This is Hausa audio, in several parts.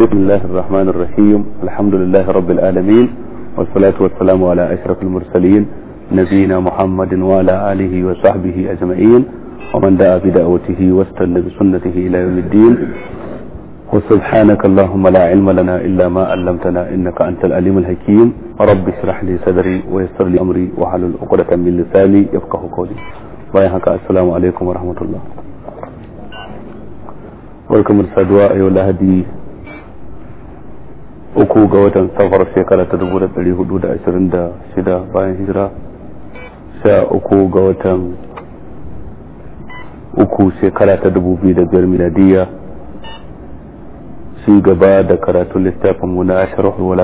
بسم الله الرحمن الرحيم الحمد لله رب العالمين والصلاة والسلام على أشرف المرسلين نبينا محمد وعلى آله وصحبه أجمعين ومن دعا بدعوته واستنى بسنته إلى يوم الدين وسبحانك اللهم لا علم لنا إلا ما علمتنا إنك أنت العليم الحكيم رب اشرح لي صدري ويسر لي أمري واحلل عقدة من لساني يفقه قولي بايعك السلام عليكم ورحمة الله barkamu da saduwa a yau uku ga watan safar shekara ta dubu da dari hudu da ashirin da shida bayan hijira sha uku ga watan uku shekara ta dubu biyu da biyar miladiyya shi gaba da karatun littafin mu na sharhul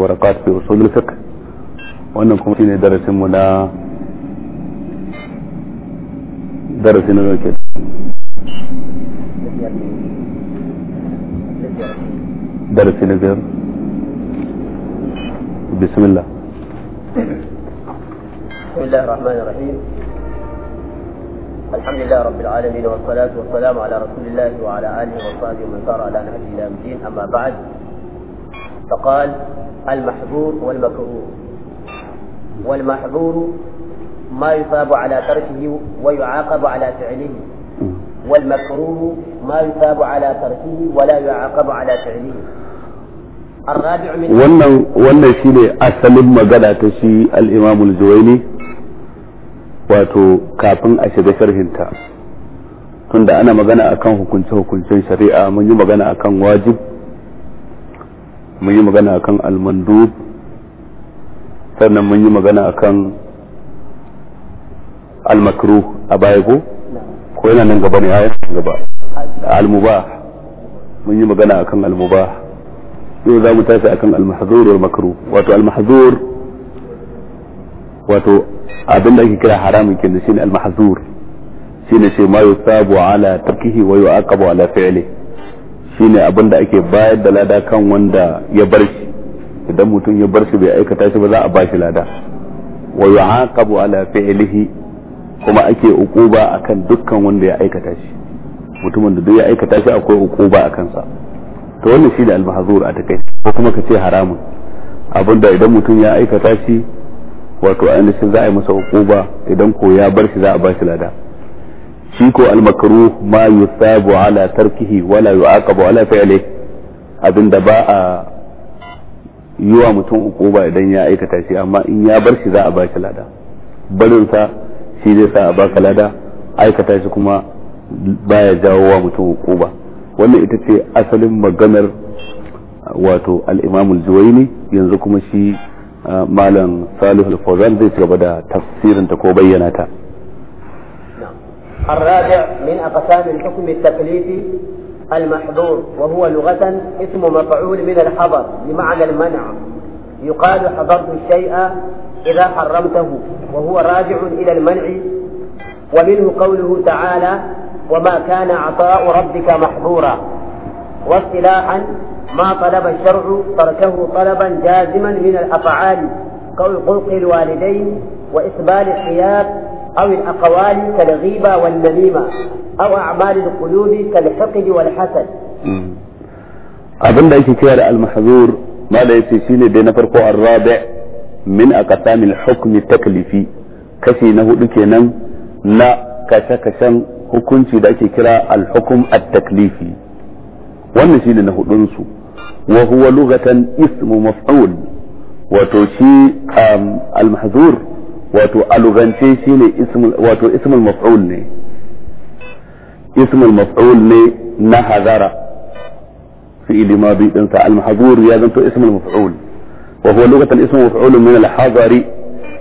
warakat fi usulul lufik wannan kuma shine darasin mu na darasin na ke درس اليوم بسم الله بسم الله الرحمن الرحيم الحمد لله رب العالمين والصلاة والسلام على رسول الله وعلى آله وصحبه ومن سار على نهجه إلى الدين أما بعد فقال المحظور والمكروه والمحظور ما يصاب على تركه ويعاقب على فعله والمكروه ما يثاب على تركه ولا يعاقب على فعله الرابع من ونن ونن shine asalin magana ta shi al-Imam al-Zuwaini wato kafin tunda ana magana akan hukunce-hukuncen shari'a mun yi magana akan wajib mun yi magana akan al-mandub sannan mun yi magana akan al-makruh a baya ko ko yana nan gaba ne a yana gaba al-mubah mun yi magana akan al-mubah yau za mu tashi akan al-mahzur wal makruh wato al-mahzur wato abin da ake kira haramun kenan shine al-mahzur shine sai ma yusabu ala tarkihi wa yu'aqabu ala fi'li shine abin da ake bayar da lada kan wanda ya bar shi idan mutum ya bar shi bai aikata shi ba za a ba shi lada wa yu'aqabu ala fi'lihi kuma ake ukuba akan dukkan wanda ya aikata shi mutumin da duk ya aikata shi akwai ukuba a kansa to wannan shi da almahazur a takai ko kuma ka ce haramun abinda idan mutum ya aikata shi wato ainihin za a yi masa ukuba idan ko ya bar shi za a ba shi lada shi ko almakruh ma yusabu ala tarkihi wala yu'aqabu ala fi'li abinda ba a yi wa mutum ukuba idan ya aikata shi amma in ya bar shi za a ba shi lada barinsa shi zai sa a baka lada aikata shi kuma baya jawo wa mutum hukuba wannan ita ce asalin maganar wato al-imam al-juwayni yanzu kuma shi malam salih al-fawzan zai ci gaba da tafsirin ta ko bayyana ta الرابع من أقسام الحكم التكليفي المحظور وهو لغة اسم مفعول من الحظر بمعنى المنع يقال حضرت الشيء إذا حرمته وهو راجع إلى المنع ومنه قوله تعالى وما كان عطاء ربك محظورا واصطلاحا ما طلب الشرع تركه طلبا جازما من الأفعال خلق الوالدين وإقبال الحياب أو الأقوال كالغيبة والنميمة أو أعمال القلوب كالحقد والحسد أظن da المحظور ما da almahzur بين فرق الرابع من أقسام الحكم التكليفي كشي نهو لكينا لا كشا كشا حكم شداكي كرا الحكم التكليفي ونشين نهو لنسو وهو لغة اسم مفعول وتوشي المحذور وتو ألغان اسم وتو اسم المفعول ني اسم المفعول ني نهذر في إلي ما بيتنسى المحذور يا اسم المفعول وهو لغة الاسم مفعول من الحذر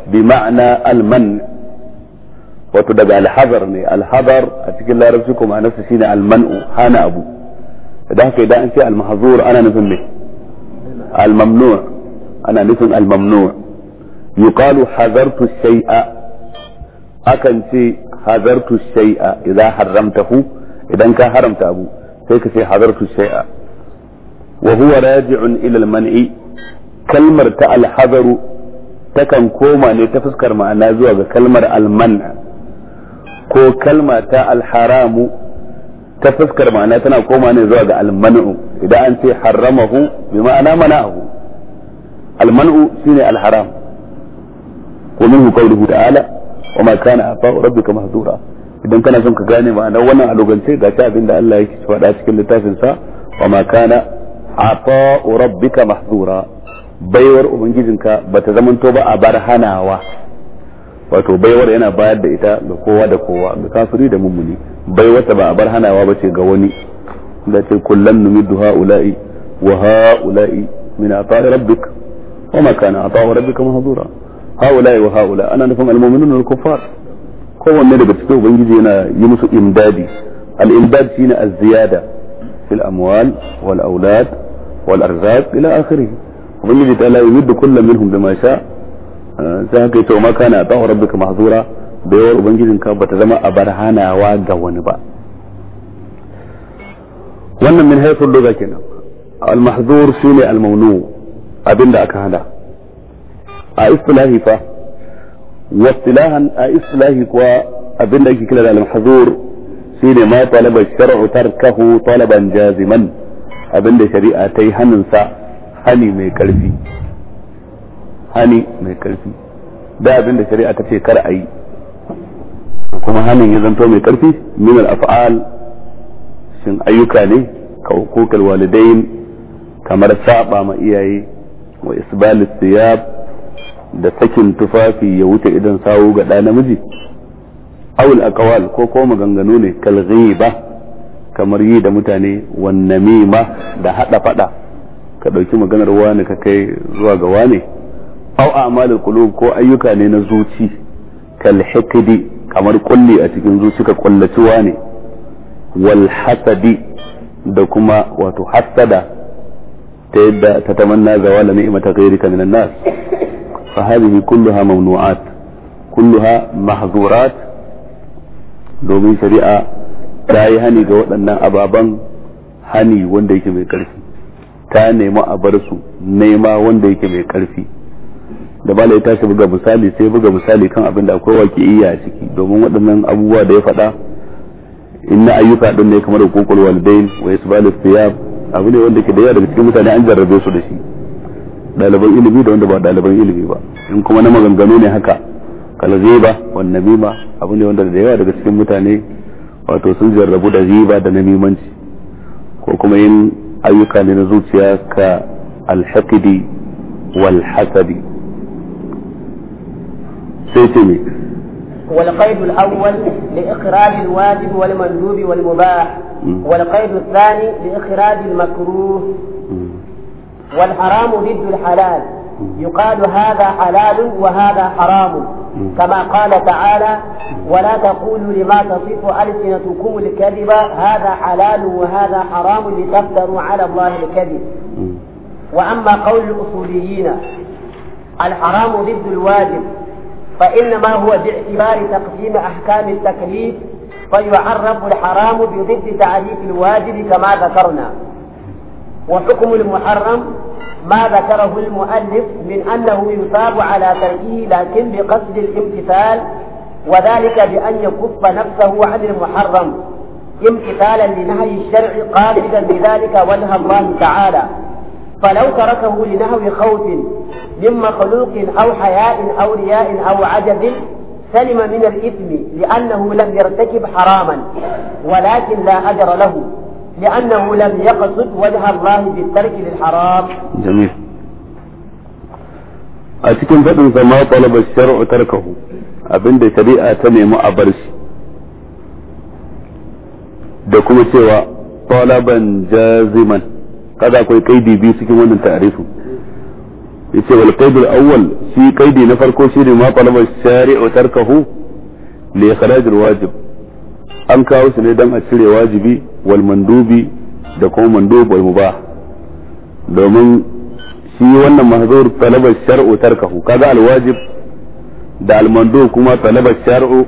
بمعنى المن وتدبع يعني الحذر الحذر أتكلم الله ربسكم عن نفس المنء هانا أبو ده كي ده انت المحظور أنا نسم الممنوع أنا نسم الممنوع يقال حذرت الشيء أكنت حذرت الشيء إذا حرمته إذا انك حرمت أبو سيك حذرت الشيء وهو راجع إلى المنع kalmar ta alhazaru takan koma ne ta fuskar ma'ana zuwa ga kalmar alman'a ko kalma ta alharamu ta fuskar ma'ana tana koma ne zuwa ga almanu idan an ce haramahu bi ma'ana mana'ahu almanu shine alharam wa minhu qawluhu ta'ala wa ma kana afa'u rabbika mahzura idan kana son ka gane ma'ana wannan a alugance ga ta abinda Allah yake faɗa cikin littafin sa wa ma kana afa'u rabbika mahzura baiwar ubangijinka ba ta to ba a bar hanawa wato baiwar yana bayar da ita ga kowa da kowa ga kafiri da mummuni ta ba a bar hanawa ba ce ga wani da ce kullum numiddu ha'ula'i wa ha'ula'i min ata'i rabbik wa ma kana ata'u rabbika mahdura ha'ula'i wa ha'ula ana nufin almu'minun wal kuffar kowanne daga cikin ubangiji yana yi musu imdadi al imdad shine az-ziyada fil amwal wal aulad wal arzaq ila akhirih ubangiji ta la yumiddu kullu minhum bima sha sai haka yace ma kana ta'u rabbuka mahzura bayawar ubangijinka bata zama a barhanawa ga wani ba wannan min haifin lugha kenan al-mahzur shine al mawnu abinda aka hada a istilahi fa wa istilahan a istilahi kuwa abinda ake kira da al-mahzur shine ma talaba shar'u tarkahu talaban jaziman abinda shari'a tai yi hannunsa hani mai karfi hani mai karfi da abin da shari'a ta ce kar a yi kuma hanin ya zanto mai karfi min al-af'al shin ayyuka ne ko walidain kamar saba ma iyaye wa isbalis siyab da sakin tufafi ya wuce idan sawu ga ɗa namiji awul akawal ko ko maganganu ne kalghiba kamar yi da mutane wannamima da hada fada ka ɗauki maganar wani ka kai zuwa ga wani au a'malul qulub ko ayyuka ne na zuci kal hikdi kamar kulli a cikin zuci ka kullaci wani wal hasadi da kuma wato hasada ta yadda ta tamanna zawala ni'mata ghayrika minan nas fa hadhihi kulluha mamnu'at kulluha mahzurat domin shari'a ta yi hani ga waɗannan ababan hani wanda yake mai ƙarfi ta nemi a bar su nema wanda yake mai karfi da ba ya tashi buga misali sai buga misali kan abin da akwai wake iya a ciki domin waɗannan abubuwa da ya faɗa inna ayyuka din ne kamar hukukul walidain wa isbalu thiyab abu ne wanda ke da yawa daga cikin mutane an jarrabe su da shi ɗaliban ilimi da wanda ba ɗaliban ilimi ba in kuma na maganganu ne haka kalziba wan namima abu ne wanda da yawa daga cikin mutane wato sun jarrabu da ziba da namimanci ko kuma yin ayyuka ne na zuciya ka alhaqidi wal hasadi sai ce والقيد الأول لإخراج الواجب والمندوب والمباح والقيد الثاني لإخراج المكروه والحرام ضد الحلال يقال هذا حلال وهذا حرام كما قال تعالى ولا تقولوا لما تصف ألسنتكم الكذب هذا حلال وهذا حرام لتفتروا على الله الكذب وأما قول الأصوليين الحرام ضد الواجب فإنما هو باعتبار تقديم أحكام التكليف فيعرف الحرام بضد تعريف الواجب كما ذكرنا وحكم المحرم ما ذكره المؤلف من أنه يصاب على تركه لكن بقصد الامتثال وذلك بأن يكف نفسه عن المحرم امتثالا لنهي الشرع قاصدا بذلك وجه الله تعالى فلو تركه لنهو خوف من مخلوق أو حياء أو رياء أو عجب سلم من الإثم لأنه لم يرتكب حراما ولكن لا أجر له لأنه لم يقصد وجه الله بالترك للحرام جميل a cikin faɗin zama talabar shar'u tarkahu abinda shari'a ta nemi a bar shi da kuma cewa talaban jaziman kada akwai kaidi biyu cikin wannan ta'arifin yace wal qaid al awwal shi kaidi na farko shine ma talaba shari'u tarkahu li ikhraj al wajib an kawo shi ne dan a cire wajibi wal mandubi da kuma mandub wal mubah domin shi wannan mahzur talabar shar'u tarkahu kaga al wajib da al mandub kuma talabar shar'u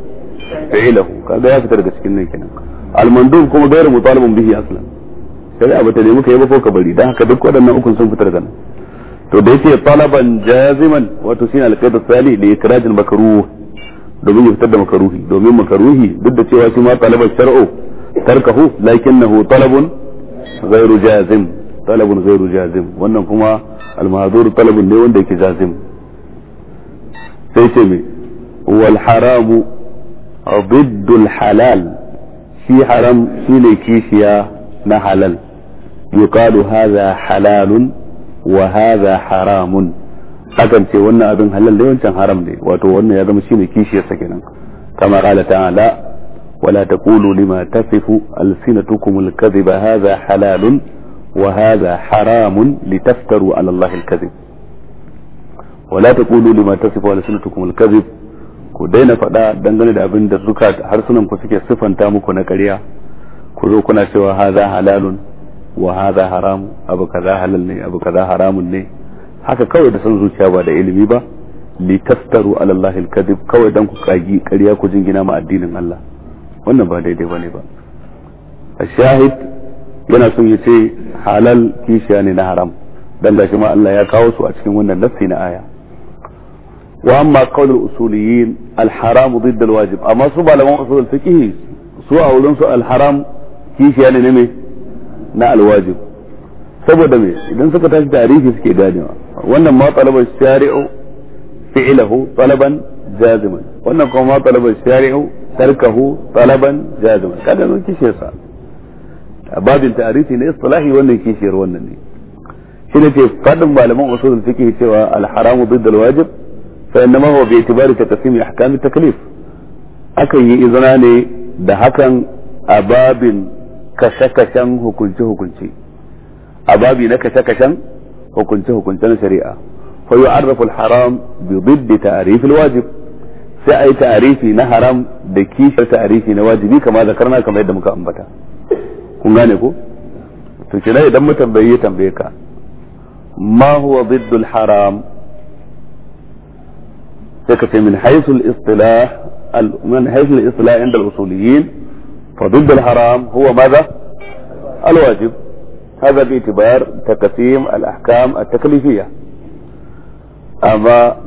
fi'lahu kaga ya fita daga cikin nan kenan al mandub kuma gairu mutalabun bihi aslan sai abu ta nemi kai ba ko ka bari dan haka duk waɗannan ukun sun fitar da nan to da yake talaban jaziman wato shine al-qaid li ikrajin makruh domin ya fitar da makaruhi domin makaruhi duk da cewa shi ma talabar shar'u تركه لكنه طلب غير جازم طلب غير جازم wannan kuma almahdur طلب ne wanda yake jazim sai هو الحرام ضد الحلال في حرام في شيني ما حلال يقال هذا حلال وهذا حرام أكن شيء وانا أبن حلال ليون شان حرام لي واتو وانا يغم شيني كيشيا سكينا كما قال تعالى ولا تقولوا لما تصف ألسنتكم الكذب هذا حلال وهذا حرام لتفتروا على الله الكذب ولا تقولوا لما تصف ألسنتكم الكذب ku daina faɗa dangane da abin da suka harsunan ku suke sifanta muku na ƙarya ku zo kuna cewa haza halalun wa haza haram abu kaza halal ne abu kaza haramun ne haka kawai da san zuciya ba da ilimi ba li tastaru ala allahi kawai dan ku kagi ƙarya ku jingina ma addinin Allah wannan ba daidai bane ba shahid yana son ya ce halal kishiya ne na haram dan da shi ma Allah ya kawo su a cikin wannan nassi na aya wa amma qawl al-usuliyin al-haram didd al-wajib amma su ba malaman usul al fiqh su a wurin su al-haram kishiya ne ne na al-wajib saboda me idan suka tashi tarihi suke ganewa wannan ma talaba shari'u fi'luhu talaban jaziman wannan kuma ma talaba shari'u تركه طلبا جازما كذا من كيشير صار باب التاريخ ني اصطلاحي ون كيشير ون ني شنو تي قدم علماء اصول الفقه سوى الحرام ضد الواجب فانما هو باعتبار تقسيم احكام التكليف اكي اذناني ده هكن اباب كشكشن حكمته حكمتي أبابي نكشكشا وكنت كنت شريعة فيعرف الحرام بضد تعريف الواجب sai a yi ta'arifi na haram da kishiyar ta'arifi na wajibi kama zakarna kamar yadda muka ambata kun gane ko to kina idan mu tambaye ya tambaye ka ma huwa ziddul haram sai ka ce min haythu istilah al istilah inda usuliyin fa حيث haram huwa madha al wajib hada bi itibar takasim al ahkam at taklifiyya amma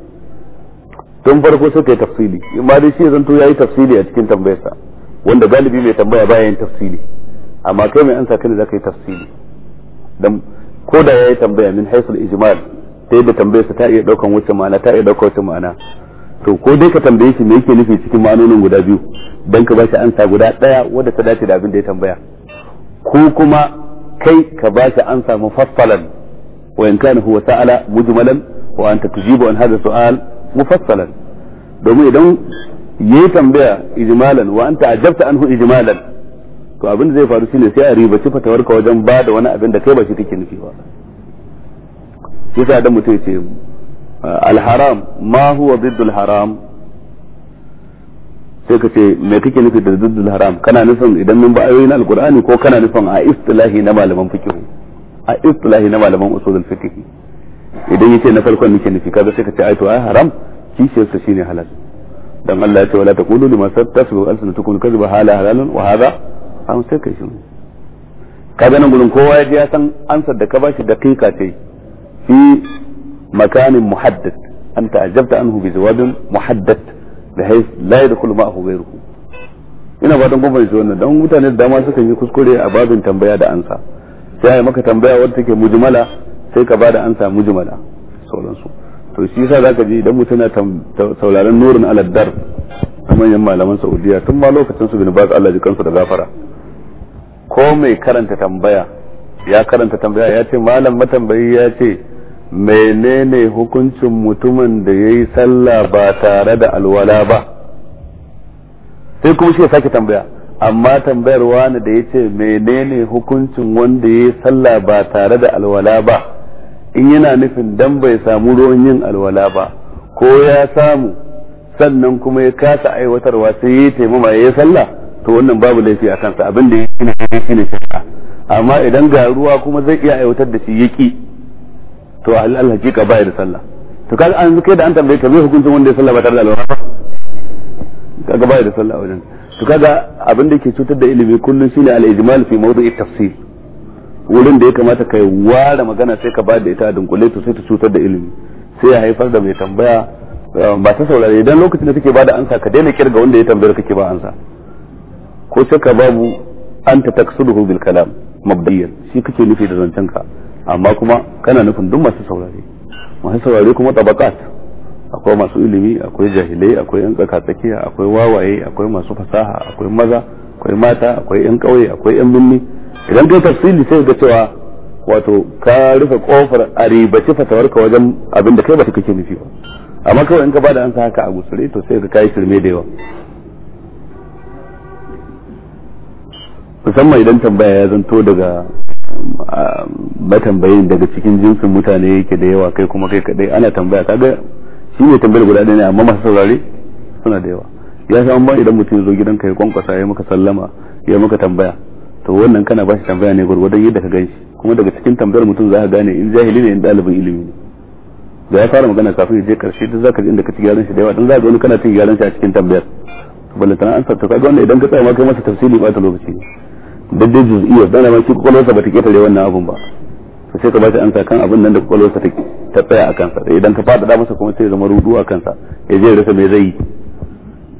tun farko ka yi tafsili ma dai shi zanto yayi tafsili a cikin tambayarsa wanda galibi mai tambaya baya yin tafsili amma kai mai ansa kane zaka yi tafsili dan ko da yayi tambaya min haisul ijmal ta yadda tambayarsa ta iya daukan wacce ma'ana ta iya daukan wacce ma'ana to ko dai ka tambaye shi me yake nufi cikin ma'anonin guda biyu dan ka bashi ansa guda daya wadda ta dace da abin da ya tambaya ko kuma kai ka bashi ansa mufassalan wa in kana huwa sa'ala mujmalan wa anta tujibu an hadha su'al mufassalan domin idan yayi tambaya ijmalan wa anta ajabta anhu ijmalan to abin da zai faru shine sai a ribaci fatawarka wajen ba da wani abin da kai ba shi kake nufi ba shi sa dan mutum ce ah, al-haram ma huwa diddul haram sai ka ce me kake nufi da diddul haram kana nufin idan mun ba ayoyin alqur'ani ko kana nufin a istilahi na malaman fiqh a istilahi na malaman usulul fiqh idan yace na farkon nake nufi kaza sai ka ce ai to ai ah, haram kishiyar sa shine halal dan Allah ya ce wala taqulu lima tasbu alsanatukum kadhiba hala halalun wa hadha an ah, sai kai shi kaga nan gurin kowa ya ji ya san ansar da ka bashi daqiqa ce fi makanin muhaddad anta ajabta anhu bi jawabin muhaddad bihayth la yadkhulu ma'ahu ghayruhu ina ba don gwamnati wannan dan mutane da dama suka yi kuskure a babin tambaya da ansa sai maka tambaya wanda take mujmala sai ka bada an samu jumala sauransu to shi yasa zaka ji idan mutum tauraron sauraron nurin aladdar a manyan malaman saudiya tun ma lokacin su bin ba Allah ji kansu da gafara ko mai karanta tambaya ya karanta tambaya ya ce malam matambayi ya ce menene hukuncin mutumin da ya yi sallah ba tare da alwala ba sai kuma shi ya sake tambaya amma tambayar wani da ya ce menene hukuncin wanda ya yi sallah ba tare da alwala ba in yana nufin dan bai samu ruwan yin alwala ba ko ya samu sannan kuma ya kasa aiwatarwa sai ya taimama ya sallah to wannan babu laifi a kansa abin da yake ne yake ne amma idan ga ruwa kuma zai iya aiwatar da shi yaki to al hakika ya da sallah to kaga an kai da an tambaye ka zai hukuncin wanda ya sallah ba tare da alwala ba kaga bai da sallah wajen to kaga abin da ke cutar da ilimi kullun shine al ijmal fi mawdu'i tafsir wurin da ya kamata kai ware magana sai ka ba da ita a dunkule to sai ta cutar da ilimi sai ya haifar da mai tambaya eh, ba ta saurare idan lokacin da kake da ansa ka daina kirga wanda ya tambayar kake ba ansa ko ka babu anta taqsiduhu bil kalam mabdiyan shi kake nufi da zancen ka amma kuma kana nufin duk masu saurare masu saurare kuma tabaqat akwai masu ilimi akwai jahilai akwai yan tsakatsakiya akwai wawaye akwai masu fasaha akwai maza akwai mata akwai yan kauye akwai yan binni idan kai tafsili sai ga cewa wato ka rufe kofar a ribaci ka wajen abin da kai ba kake nufi ba amma kawai in ka bada an sa haka a gusure to sai ka kai shirme da yawa musamman idan tambaya ya zanto daga um, tambayin daga cikin jinsin mutane yake da yawa kai kuma kai kadai ana tambaya kaga shi ne tambayar guda ɗaya ne amma masu saurare suna da yawa ya sha ban idan mutum ya zo ka ya kwankwasa ya maka sallama ya maka tambaya to wannan kana ba shi tambaya ne gurgurdan yadda ka gan shi kuma daga cikin tambayar mutum za ka gane in jahili ne in ɗalibin ilimi ne da ya fara magana kafin ya je karshe duk ka ji inda ka ci gyaran shi da yawa don za ka gani kana cin gyaran shi a cikin tambayar tana an sarta kaga wannan idan ka tsaya ma kai masa tafsiri ba ta lokaci duk dai juz'iyya dana ma shi sa ba ta ketare wannan abun ba to sai ka ba shi ansa kan abin nan da kokolwarsa ta ta tsaya a kansa eh, idan ka faɗaɗa masa kuma sai zama rudu a kansa ya je rasa me zai yi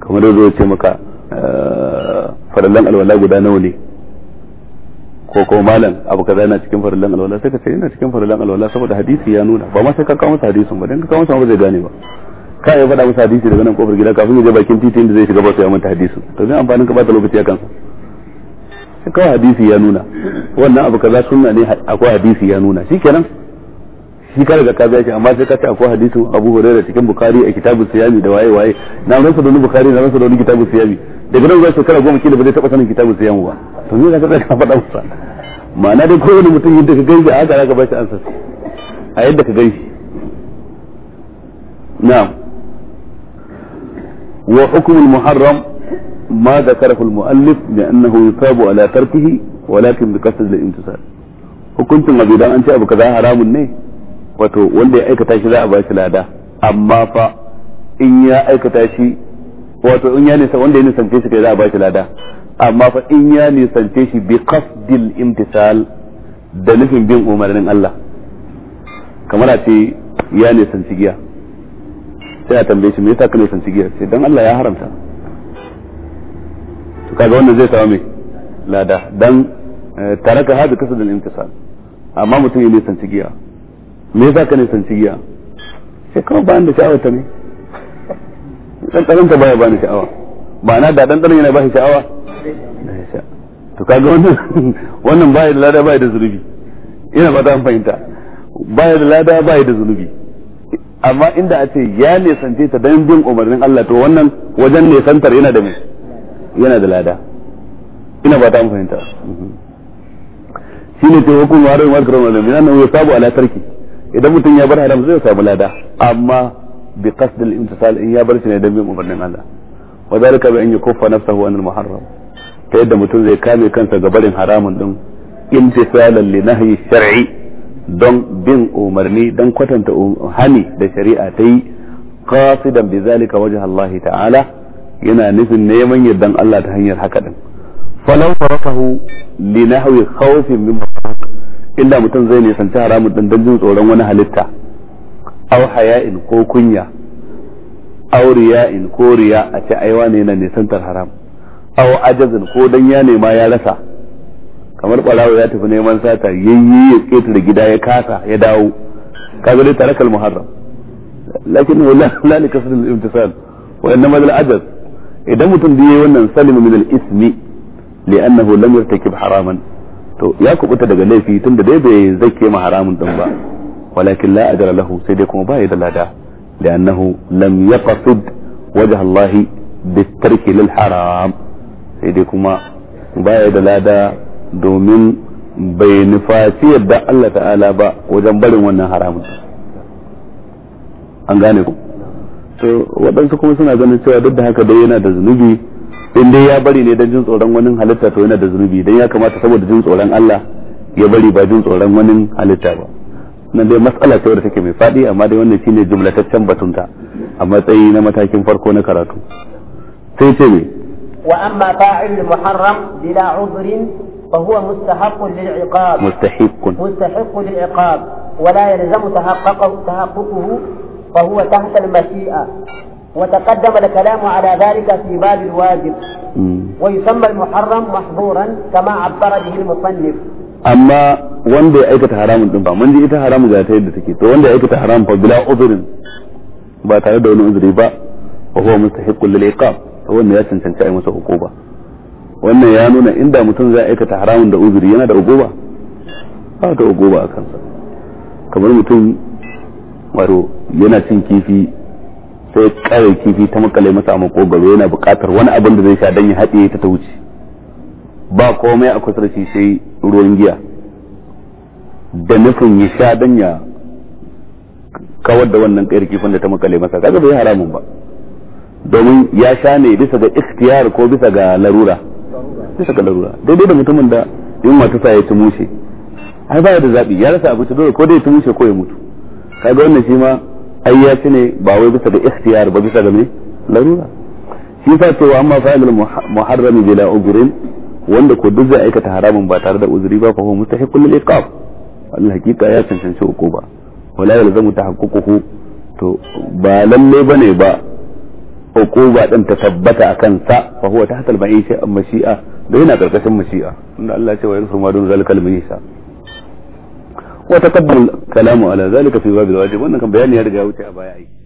kamar da zo ce maka ah, farallan alwala guda nawa ne ko ko malam abu kaza yana cikin farillan alwala sai ka ce yana cikin farillan alwala saboda hadisi ya nuna ba ma sai ka kawo masa hadisin ba dan ka kawo masa ba zai gane ba ka yi faɗa masa hadisi daga nan kofar gida kafin ya je bakin titin da zai shiga ba sai ya manta hadisin to zai amfanin ka bata lokaci akan kansa sai kawai hadisi ya nuna wannan abu kaza sunna ne akwai hadisi ya nuna shikenan shi ka daga kaza yake amma sai ka ce akwai hadisin Abu Hurairah cikin Bukhari a kitabu Siyami da waye waye na ransa da Bukhari na ransa da wani kitabu Siyami daga nan zuwa shekara goma kila ba zai taba sanin kitabu Siyami ba to zai zaka zaka faɗa masa ma'ana dai kowane mutum yadda ka gaishe haka zaka ba shi ansa a yadda ka gaishe na'am wa hukumul muharram ما ذكره المؤلف لأنه يثاب على تركه ولكن بقصد الامتثال hukuncin abu idan an ce abu kaza haramun ne wato wanda ya aikata shi za a bashi lada amma fa in ya aikata shi wato in ya nisa wanda ya nisance shi kai za a bashi lada amma fa in ya nisance shi bi qasdil imtisal da nufin bin umarnin Allah kamar a ce ya nisanci giya sai a tambaye shi me yasa ka nisanci giya sai dan Allah ya haramta to kaga wannan zai samu me lada dan eh, taraka hadu kasdil imtisal amma mutum ya nisanci giya me yasa ka nisanci giya sai kawai ba da sha'awa ta ne dan ta baya bani sha'awa na da dan yana ba shi sha'awa to kaga wannan wannan baya da lada baya da zunubi ina fata ta fahimta baya da lada baya da zunubi amma inda a ce ya ne nesance ta dan bin umarnin Allah to wannan wajen ne santar yana da mai yana da lada ina fata an fahimta shine ce hukumar wa rayuwar karamar da nan ya sabu ala tarki idan mutum ya bar haram zai samu lada amma bi qasdil imtisal in ya bar shi ne dan bin umarnin Allah wa zalika bi an yakuffa nafsahu an al muharram ta yadda mutum zai kame kansa ga barin haramun din imtisalan li nahyi shar'i don bin umarni don kwatanta um, hani da shari'a ta yi qasidan bi zalika wajha Allah ta'ala yana nufin neman yardan Allah ta hanyar haka din falau farakahu li nahwi khawfin min illa mutum zai nisanci haramun din don jin tsoron wani halitta aw haya'in ko kunya aw riya'in ko riya a ce aiwa ne yana nisantar haram aw ajazin ko dan ya nema ya rasa kamar barawo ya tafi neman sata yayye ya ketare gida ya kasa ya dawo kaga dai tarakal muharram lakin wala la li kasr al imtisal wa innama al ajaz idan mutum da yayi wannan salim min al ismi li'annahu lam yartakib haraman to ya kubuta daga laifi tunda dai bai zake ma haramun din ba walakin la ajra lahu sai dai kuma bai da lada li'annahu lam yaqsid wajha Allah bi tarki lil haram sai dai kuma baya da lada domin bai nufaci yadda Allah ta'ala ba wajen barin wannan haramun an gane ku to waɗansu kuma suna ganin cewa duk da haka dai yana da zunubi in dai ya bari ne don jin tsoron wani halitta to yana da zunubi dan ya kamata saboda jin tsoron Allah ya bari ba jin tsoron wani halitta ba nan dai matsala ce wadda take mai faɗi amma dai wannan shine jumlataccen batunta a matsayi na matakin farko na karatu sai ce mai وأما فاعل المحرم بلا عذر فهو مستحق للعقاب مستحق مستحق للعقاب ولا يلزم تحققه تحققه فهو تحت المشيئة وتقدم الكلام على ذلك في باب الواجب ويسمى المحرم محظورا كما عبر به المصنف أما wanda ya حرام haramun من دي mun حرام ita haramun تكي تو yadda take حرام فبلا عذر aikata haram fa bila uzurin ba wanda ya cancanci ai masa hukuma wannan ya nuna inda mutum zai aikata haramun da uzuri yana da hukuma ba ta hukuma a kansa kamar mutum wato yana cin kifi sai kare kifi ta makale masa a makogaro yana buƙatar wani abin da zai sha dan ya haɗe ta ta wuce ba komai a kusa shi sai ruwan giya da nufin ya sha dan ya kawar da wannan kayar kifin da ta makale masa kaga bai haramun ba domin ya sha ne bisa ga ikhtiyar ko bisa ga larura bisa ga larura daidai da mutumin da yin ta sa ya ci mushe ai baya da zabi ya rasa abinci dole ko dai ya ci mushe ko ya mutu kaga wannan shi ma ai ya ci ne ba wai bisa ga ikhtiyar ba bisa ga me larura shi sa to amma fa'il muharram bila ujrin wanda ko duk zai aikata haramun ba tare da uzuri ba fa huwa mustahiqul lil iqab wannan hakika ya cancanci hukuma wala yalzamu tahaqquhu to ba lalle bane ba عقوبة أن تثبت أكن سا فهو تحت المعيشة المشيئة لهنا قلقة المشيئة إن الله سوى ينصر ما دون ذلك المعيشة وتقبل كلامه على ذلك في باب الواجب وأنك بياني أرجع وتعبا يعيش